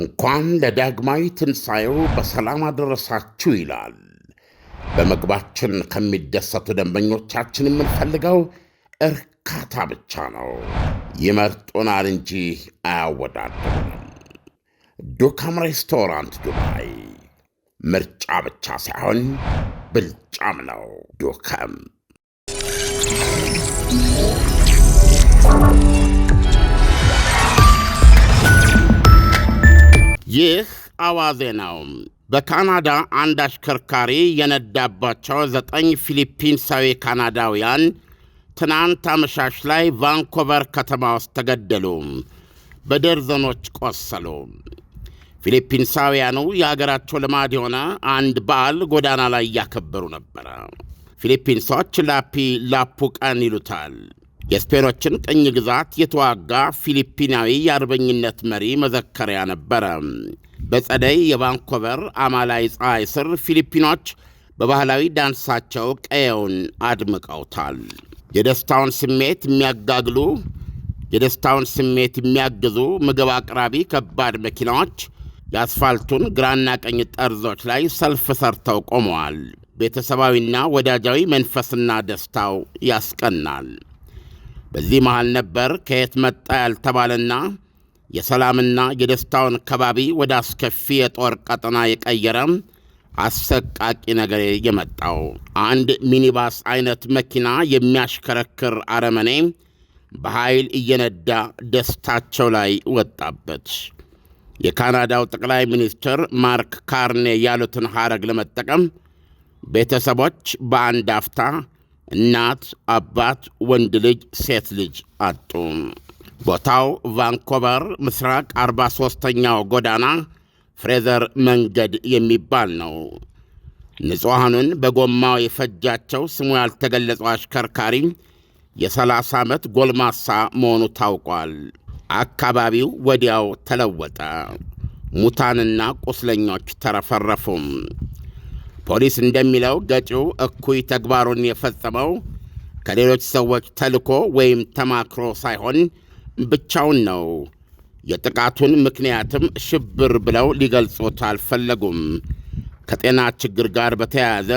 እንኳን ለዳግማዊ ትንሣኤው በሰላም አደረሳችሁ ይላል። በምግባችን ከሚደሰቱ ደንበኞቻችን የምንፈልገው እርካታ ብቻ ነው። ይመርጡናል እንጂ አያወዳደሩም። ዱካም ሬስቶራንት ዱባይ ምርጫ ብቻ ሳይሆን ብልጫም ነው። ዱካም ይህ አዋዜ ነው። በካናዳ አንድ አሽከርካሪ የነዳባቸው ዘጠኝ ፊሊፒንሳዊ ካናዳውያን ትናንት አመሻሽ ላይ ቫንኮቨር ከተማ ውስጥ ተገደሉ፣ በደርዘኖች ቆሰሉ። ፊሊፒንሳውያኑ የአገራቸው ልማድ የሆነ አንድ በዓል ጎዳና ላይ እያከበሩ ነበረ። ፊሊፒንሶች ላፒ ላፑቀን ይሉታል። የስፔኖችን ቅኝ ግዛት የተዋጋ ፊሊፒናዊ የአርበኝነት መሪ መዘከሪያ ነበረ። በጸደይ የቫንኮቨር አማላይ ፀሐይ ስር ፊሊፒኖች በባህላዊ ዳንሳቸው ቀየውን አድምቀውታል። የደስታውን ስሜት የሚያጋግሉ የደስታውን ስሜት የሚያግዙ ምግብ አቅራቢ ከባድ መኪናዎች የአስፋልቱን ግራና ቀኝ ጠርዞች ላይ ሰልፍ ሰርተው ቆመዋል። ቤተሰባዊና ወዳጃዊ መንፈስና ደስታው ያስቀናል። በዚህ መሃል ነበር ከየት መጣ ያልተባለና የሰላምና የደስታውን ከባቢ ወደ አስከፊ የጦር ቀጠና የቀየረ አሰቃቂ ነገር የመጣው። አንድ ሚኒባስ አይነት መኪና የሚያሽከረክር አረመኔ በኃይል እየነዳ ደስታቸው ላይ ወጣበት። የካናዳው ጠቅላይ ሚኒስትር ማርክ ካርኔ ያሉትን ሐረግ ለመጠቀም ቤተሰቦች በአንድ አፍታ እናት፣ አባት፣ ወንድ ልጅ፣ ሴት ልጅ አጡ። ቦታው ቫንኮቨር ምስራቅ 43ኛው ጎዳና ፍሬዘር መንገድ የሚባል ነው። ንጹሐኑን በጎማው የፈጃቸው ስሙ ያልተገለጸው አሽከርካሪ የ30 ዓመት ጎልማሳ መሆኑ ታውቋል። አካባቢው ወዲያው ተለወጠ። ሙታንና ቁስለኞች ተረፈረፉም። ፖሊስ እንደሚለው ገጪው እኩይ ተግባሩን የፈጸመው ከሌሎች ሰዎች ተልኮ ወይም ተማክሮ ሳይሆን ብቻውን ነው። የጥቃቱን ምክንያትም ሽብር ብለው ሊገልጹት አልፈለጉም። ከጤና ችግር ጋር በተያያዘ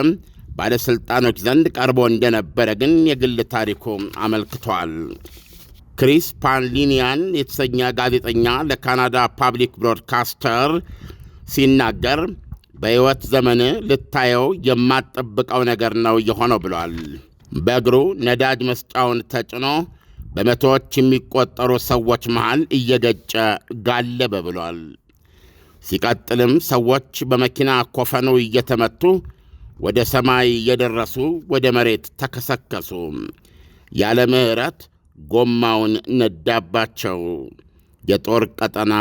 ባለሥልጣኖች ዘንድ ቀርቦ እንደነበረ ግን የግል ታሪኩ አመልክቷል። ክሪስ ፓንሊኒያን የተሰኘ ጋዜጠኛ ለካናዳ ፓብሊክ ብሮድካስተር ሲናገር በሕይወት ዘመን ልታየው የማትጠብቀው ነገር ነው የሆነው ብሏል። በእግሩ ነዳጅ መስጫውን ተጭኖ በመቶዎች የሚቆጠሩ ሰዎች መሃል እየገጨ ጋለበ ብሏል። ሲቀጥልም ሰዎች በመኪና ኮፈኑ እየተመቱ ወደ ሰማይ እየደረሱ ወደ መሬት ተከሰከሱ። ያለ ምሕረት ጎማውን ነዳባቸው። የጦር ቀጠና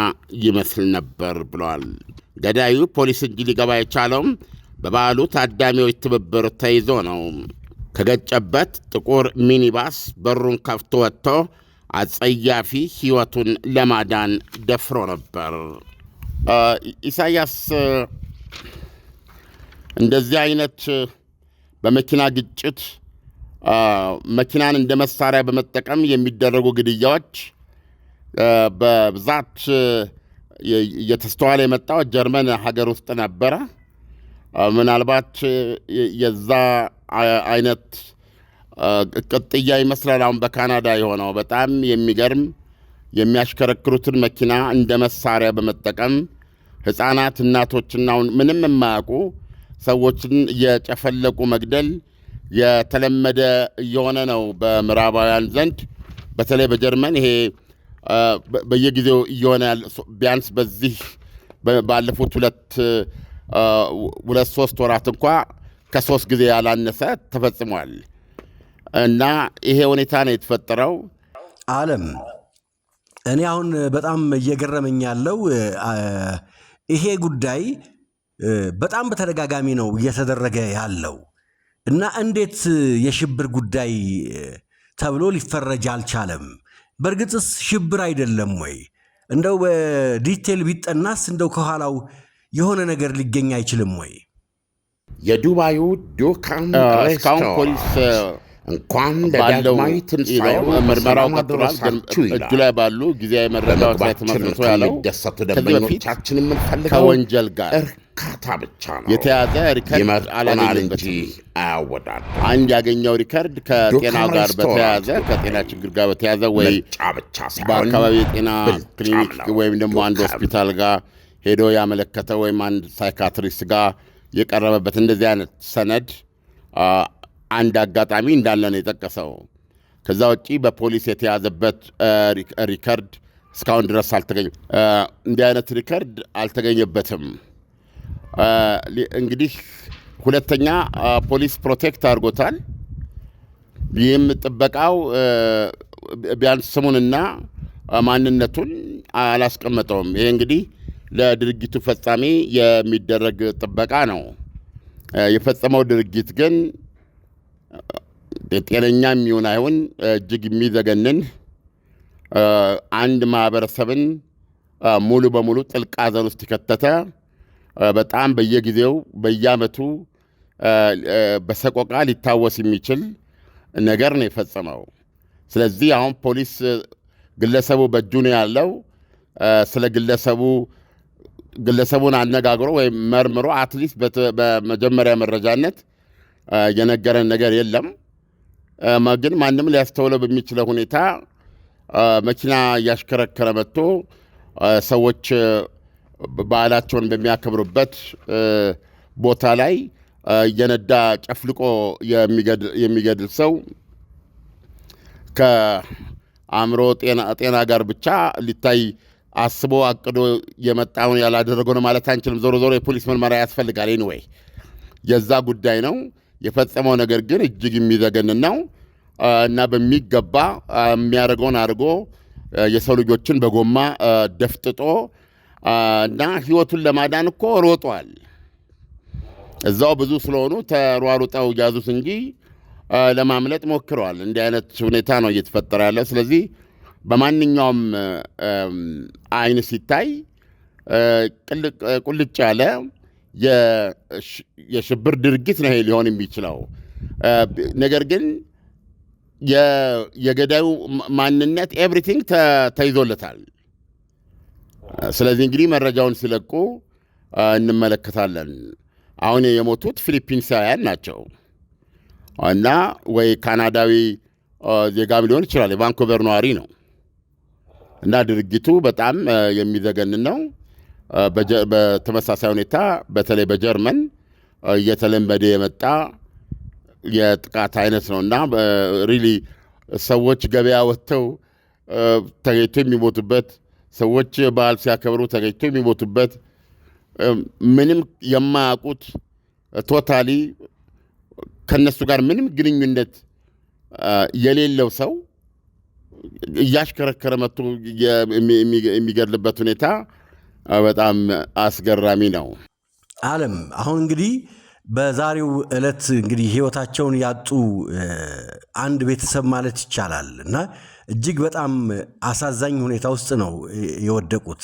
ይመስል ነበር ብለዋል። ገዳዩ ፖሊስ እጅ ሊገባ የቻለውም በበዓሉ ታዳሚዎች ትብብር ተይዞ ነው። ከገጨበት ጥቁር ሚኒባስ በሩን ከፍቶ ወጥቶ አጸያፊ ሕይወቱን ለማዳን ደፍሮ ነበር። ኢሳያስ እንደዚህ አይነት በመኪና ግጭት መኪናን እንደ መሳሪያ በመጠቀም የሚደረጉ ግድያዎች በብዛት እየተስተዋለ የመጣው ጀርመን ሀገር ውስጥ ነበረ። ምናልባት የዛ አይነት ቅጥያ ይመስላል አሁን በካናዳ የሆነው። በጣም የሚገርም የሚያሽከረክሩትን መኪና እንደ መሳሪያ በመጠቀም ሕፃናት እናቶችና ምንም የማያውቁ ሰዎችን እየጨፈለቁ መግደል የተለመደ እየሆነ ነው በምዕራባውያን ዘንድ በተለይ በጀርመን ይሄ በየጊዜው እየሆነ ያለ ቢያንስ በዚህ ባለፉት ሁለት ሁለት ሶስት ወራት እንኳ ከሶስት ጊዜ ያላነሰ ተፈጽሟል እና ይሄ ሁኔታ ነው የተፈጠረው። አለም እኔ አሁን በጣም እየገረመኝ ያለው ይሄ ጉዳይ በጣም በተደጋጋሚ ነው እየተደረገ ያለው እና እንዴት የሽብር ጉዳይ ተብሎ ሊፈረጅ አልቻለም? በእርግጥስ ሽብር አይደለም ወይ? እንደው በዲቴል ቢጠናስ እንደው ከኋላው የሆነ ነገር ሊገኝ አይችልም ወይ? የዱባዩ ዱካን እስካሁን ፖሊስ እንኳን ለዳግማዊ ትንሣኤ ምርመራው ቀጥሏል። እጁ ላይ ባሉ ጊዜያዊ መረጃዎች ላይ ተመስርቶ ያለው ከዚህ በፊት ከወንጀል ጋር እርካታ ብቻ ነው። የተያዘ ሪከርድ እንጂ አያወዳል አንድ ያገኘው ሪከርድ ከጤና ጋር በተያዘ ከጤና ችግር ጋር በተያዘ ወይ ብቻ በአካባቢ የጤና ክሊኒክ ወይም ደግሞ አንድ ሆስፒታል ጋር ሄዶ ያመለከተ ወይም አንድ ሳይካትሪስት ጋር የቀረበበት እንደዚህ አይነት ሰነድ አንድ አጋጣሚ እንዳለ ነው የጠቀሰው። ከዛ ውጪ በፖሊስ የተያዘበት ሪከርድ እስካሁን ድረስ አልተገኘም። እንዲህ አይነት ሪከርድ አልተገኘበትም። እንግዲህ ሁለተኛ ፖሊስ ፕሮቴክት አድርጎታል። ይህም ጥበቃው ቢያንስ ስሙንና ማንነቱን አላስቀመጠውም። ይሄ እንግዲህ ለድርጊቱ ፈጻሚ የሚደረግ ጥበቃ ነው። የፈጸመው ድርጊት ግን ጤነኛ የሚሆን አይሁን እጅግ የሚዘገንን አንድ ማህበረሰብን ሙሉ በሙሉ ጥልቅ ሐዘን ውስጥ የከተተ በጣም በየጊዜው በየዓመቱ በሰቆቃ ሊታወስ የሚችል ነገር ነው የፈጸመው። ስለዚህ አሁን ፖሊስ ግለሰቡ በእጁ ነው ያለው። ስለ ግለሰቡ ግለሰቡን አነጋግሮ ወይም መርምሮ አትሊስት በመጀመሪያ መረጃነት የነገረን ነገር የለም። ግን ማንም ሊያስተውለው በሚችለው ሁኔታ መኪና እያሽከረከረ መጥቶ ሰዎች በዓላቸውን በሚያከብሩበት ቦታ ላይ የነዳ ጨፍልቆ የሚገድል ሰው ከአእምሮ ጤና ጋር ብቻ ሊታይ አስቦ አቅዶ የመጣውን ያላደረገው ነው ማለት አንችልም። ዞሮ ዞሮ የፖሊስ ምርመራ ያስፈልጋል። ኤኒዌይ የዛ ጉዳይ ነው። የፈጸመው ነገር ግን እጅግ የሚዘገንን ነው እና በሚገባ የሚያደርገውን አድርጎ የሰው ልጆችን በጎማ ደፍጥጦ እና ህይወቱን ለማዳን እኮ ሮጧል። እዛው ብዙ ስለሆኑ ተሯሩጠው ያዙት እንጂ ለማምለጥ ሞክረዋል። እንዲህ አይነት ሁኔታ ነው እየተፈጠረ ያለ። ስለዚህ በማንኛውም አይን ሲታይ ቁልጭ ያለ የሽብር ድርጊት ነው ሊሆን የሚችለው። ነገር ግን የገዳዩ ማንነት ኤቭሪቲንግ ተይዞለታል። ስለዚህ እንግዲህ መረጃውን ሲለቁ እንመለከታለን። አሁን የሞቱት ፊሊፒንሳውያን ናቸው እና ወይ ካናዳዊ ዜጋም ሊሆን ይችላል። የቫንኩቨር ነዋሪ ነው እና ድርጊቱ በጣም የሚዘገንን ነው። በተመሳሳይ ሁኔታ በተለይ በጀርመን እየተለመደ የመጣ የጥቃት አይነት ነው እና ሪሊ ሰዎች ገበያ ወጥተው ተገኝቶ የሚሞቱበት ሰዎች በዓል ሲያከብሩ ተገኝቶ የሚሞቱበት ምንም የማያውቁት ቶታሊ ከነሱ ጋር ምንም ግንኙነት የሌለው ሰው እያሽከረከረ መጥቶ የሚገድልበት ሁኔታ በጣም አስገራሚ ነው። አለም አሁን እንግዲህ በዛሬው ዕለት እንግዲህ ህይወታቸውን ያጡ አንድ ቤተሰብ ማለት ይቻላል እና እጅግ በጣም አሳዛኝ ሁኔታ ውስጥ ነው የወደቁት።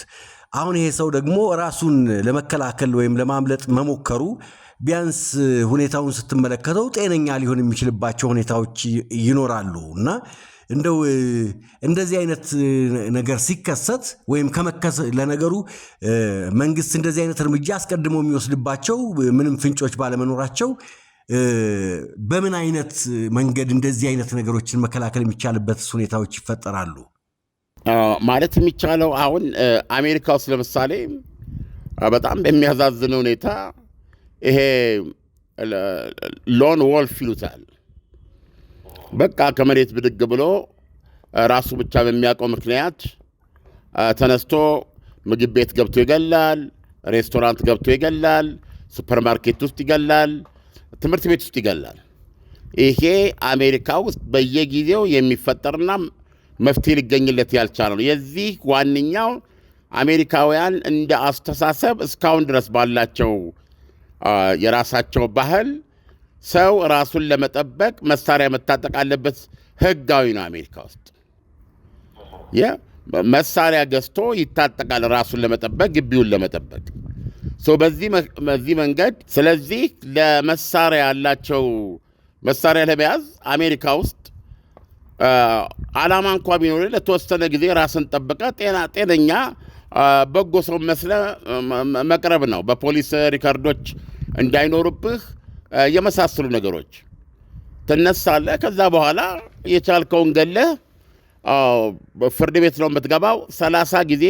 አሁን ይሄ ሰው ደግሞ ራሱን ለመከላከል ወይም ለማምለጥ መሞከሩ ቢያንስ ሁኔታውን ስትመለከተው ጤነኛ ሊሆን የሚችልባቸው ሁኔታዎች ይኖራሉ እና እንደው እንደዚህ አይነት ነገር ሲከሰት ወይም ከመከሰት ለነገሩ መንግስት እንደዚህ አይነት እርምጃ አስቀድሞ የሚወስድባቸው ምንም ፍንጮች ባለመኖራቸው በምን አይነት መንገድ እንደዚህ አይነት ነገሮችን መከላከል የሚቻልበት ሁኔታዎች ይፈጠራሉ? ማለት የሚቻለው አሁን አሜሪካ ውስጥ ለምሳሌ በጣም በሚያዛዝን ሁኔታ ይሄ ሎን ወልፍ ይሉታል። በቃ ከመሬት ብድግ ብሎ ራሱ ብቻ በሚያውቀው ምክንያት ተነስቶ ምግብ ቤት ገብቶ ይገላል፣ ሬስቶራንት ገብቶ ይገላል፣ ሱፐርማርኬት ውስጥ ይገላል። ትምህርት ቤት ውስጥ ይገላል። ይሄ አሜሪካ ውስጥ በየጊዜው የሚፈጠርና መፍትሄ ሊገኝለት ያልቻለ ነው። የዚህ ዋነኛው አሜሪካውያን እንደ አስተሳሰብ እስካሁን ድረስ ባላቸው የራሳቸው ባህል ሰው ራሱን ለመጠበቅ መሳሪያ መታጠቅ አለበት፣ ህጋዊ ነው አሜሪካ ውስጥ። መሳሪያ ገዝቶ ይታጠቃል ራሱን ለመጠበቅ ግቢውን ለመጠበቅ በዚህ መንገድ ስለዚህ ለመሳሪያ ያላቸው መሳሪያ ለመያዝ አሜሪካ ውስጥ አላማ እንኳ ቢኖር ለተወሰነ ጊዜ ራስን ጠብቀ ጤነኛ በጎ ሰው መስለ መቅረብ ነው። በፖሊስ ሪከርዶች እንዳይኖሩብህ የመሳሰሉ ነገሮች ትነሳለህ። ከዛ በኋላ የቻልከውን ገለህ ፍርድ ቤት ነው የምትገባው። ሰላሳ ጊዜ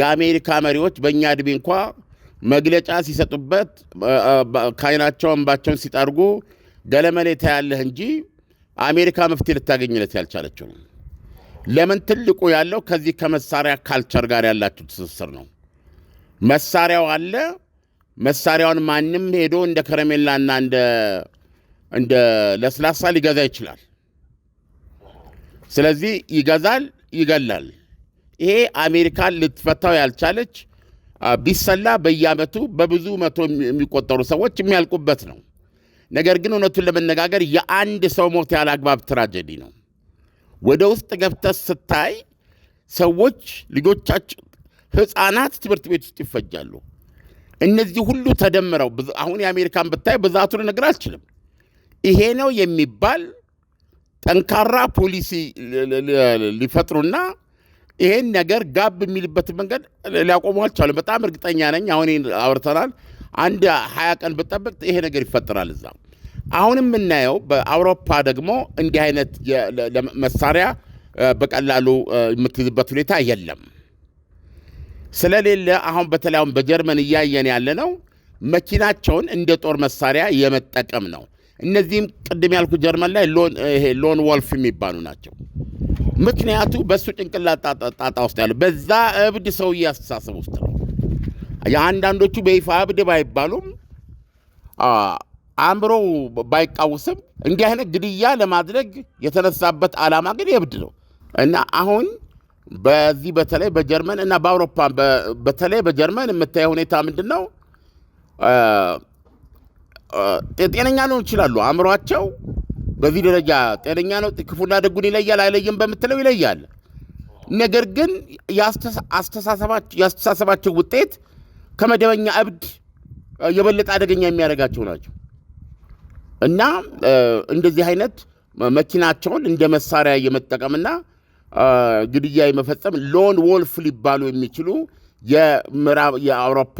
የአሜሪካ መሪዎች በእኛ እድሜ እንኳ መግለጫ ሲሰጡበት ካይናቸው እንባቸውን ሲጠርጉ ገለመሌ ታያለህ እንጂ አሜሪካ መፍትሄ ልታገኝለት ያልቻለችው ነው። ለምን? ትልቁ ያለው ከዚህ ከመሳሪያ ካልቸር ጋር ያላቸው ትስስር ነው። መሳሪያው አለ። መሳሪያውን ማንም ሄዶ እንደ ከረሜላና እንደ ለስላሳ ሊገዛ ይችላል። ስለዚህ ይገዛል፣ ይገላል። ይሄ አሜሪካን ልትፈታው ያልቻለች ቢሰላ በየዓመቱ በብዙ መቶ የሚቆጠሩ ሰዎች የሚያልቁበት ነው። ነገር ግን እውነቱን ለመነጋገር የአንድ ሰው ሞት ያለ አግባብ ትራጀዲ ነው። ወደ ውስጥ ገብተህ ስታይ ሰዎች ልጆቻቸው፣ ሕፃናት ትምህርት ቤት ውስጥ ይፈጃሉ። እነዚህ ሁሉ ተደምረው አሁን የአሜሪካን ብታይ ብዛቱን ልነግርህ አልችልም። ይሄ ነው የሚባል ጠንካራ ፖሊሲ ሊፈጥሩና ይሄን ነገር ጋብ የሚልበት መንገድ ሊያቆሙ አልቻሉም። በጣም እርግጠኛ ነኝ። አሁን አውርተናል። አንድ ሀያ ቀን ብጠብቅ ይሄ ነገር ይፈጠራል እዛ። አሁን የምናየው በአውሮፓ ደግሞ እንዲህ አይነት መሳሪያ በቀላሉ የምትይዝበት ሁኔታ የለም። ስለሌለ አሁን በተለይ በጀርመን እያየን ያለ ነው መኪናቸውን እንደ ጦር መሳሪያ የመጠቀም ነው። እነዚህም ቅድም ያልኩ ጀርመን ላይ ሎን ወልፍ የሚባሉ ናቸው። ምክንያቱ በእሱ ጭንቅላት ጣጣ ውስጥ ያለው በዛ እብድ ሰውዬ አስተሳሰብ ውስጥ ነው። የአንዳንዶቹ በይፋ እብድ ባይባሉም አእምሮ ባይቃወስም እንዲህ አይነት ግድያ ለማድረግ የተነሳበት ዓላማ ግን የእብድ ነው እና አሁን በዚህ በተለይ በጀርመን እና በአውሮፓ በተለይ በጀርመን የምታየው ሁኔታ ምንድን ነው? ጤነኛ ሊሆን ይችላሉ አእምሯቸው በዚህ ደረጃ ጤነኛ ነው፣ ክፉና ደጉን ይለያል አይለይም በምትለው ይለያል። ነገር ግን የአስተሳሰባቸው ውጤት ከመደበኛ እብድ የበለጠ አደገኛ የሚያደርጋቸው ናቸው እና እንደዚህ አይነት መኪናቸውን እንደ መሳሪያ የመጠቀምና ግድያ የመፈጸም ሎን ወልፍ ሊባሉ የሚችሉ የምዕራብ የአውሮፓ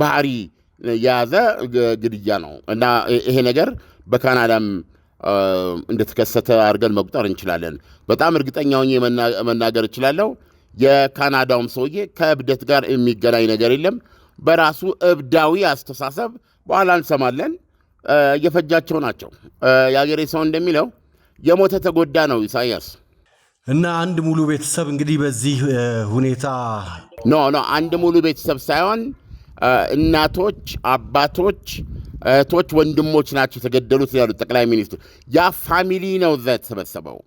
ባህሪ የያዘ ግድያ ነው እና ይሄ ነገር በካናዳም እንደተከሰተ አድርገን መቁጠር እንችላለን። በጣም እርግጠኛ ሆኜ መናገር እችላለሁ። የካናዳውም ሰውዬ ከእብደት ጋር የሚገናኝ ነገር የለም። በራሱ እብዳዊ አስተሳሰብ በኋላ እንሰማለን እየፈጃቸው ናቸው። የአገሬ ሰው እንደሚለው የሞተ ተጎዳ ነው ኢሳያስ እና አንድ ሙሉ ቤተሰብ እንግዲህ በዚህ ሁኔታ ኖ ኖ አንድ ሙሉ ቤተሰብ ሳይሆን እናቶች፣ አባቶች እህቶች ወንድሞች ናቸው የተገደሉት ያሉ ጠቅላይ ሚኒስትሩ ያ ፋሚሊ ነው እዛ የተሰበሰበው።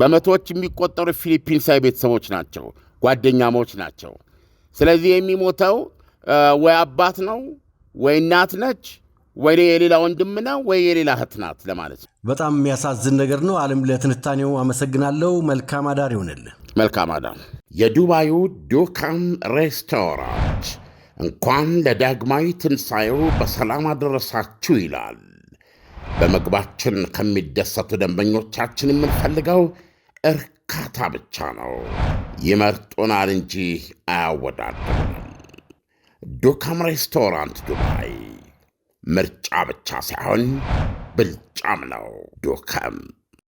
በመቶዎች የሚቆጠሩ ፊሊፒንሳዊ ቤተሰቦች ናቸው፣ ጓደኛሞች ናቸው። ስለዚህ የሚሞተው ወይ አባት ነው ወይ እናት ነች ወይ የሌላ ወንድም ነው ወይ የሌላ እህት ናት ለማለት ነው። በጣም የሚያሳዝን ነገር ነው። አለም ለትንታኔው አመሰግናለሁ። መልካም አዳር ይሆንልን። መልካም አዳር። የዱባዩ ዱካም ሬስቶራንት እንኳን ለዳግማዊ ትንሣኤው በሰላም አደረሳችሁ ይላል። በምግባችን ከሚደሰቱ ደንበኞቻችን የምንፈልገው እርካታ ብቻ ነው። ይመርጡናል እንጂ አያወዳድሩንም። ዱካም ሬስቶራንት ዱባይ ምርጫ ብቻ ሳይሆን ብልጫም ነው። ዱከም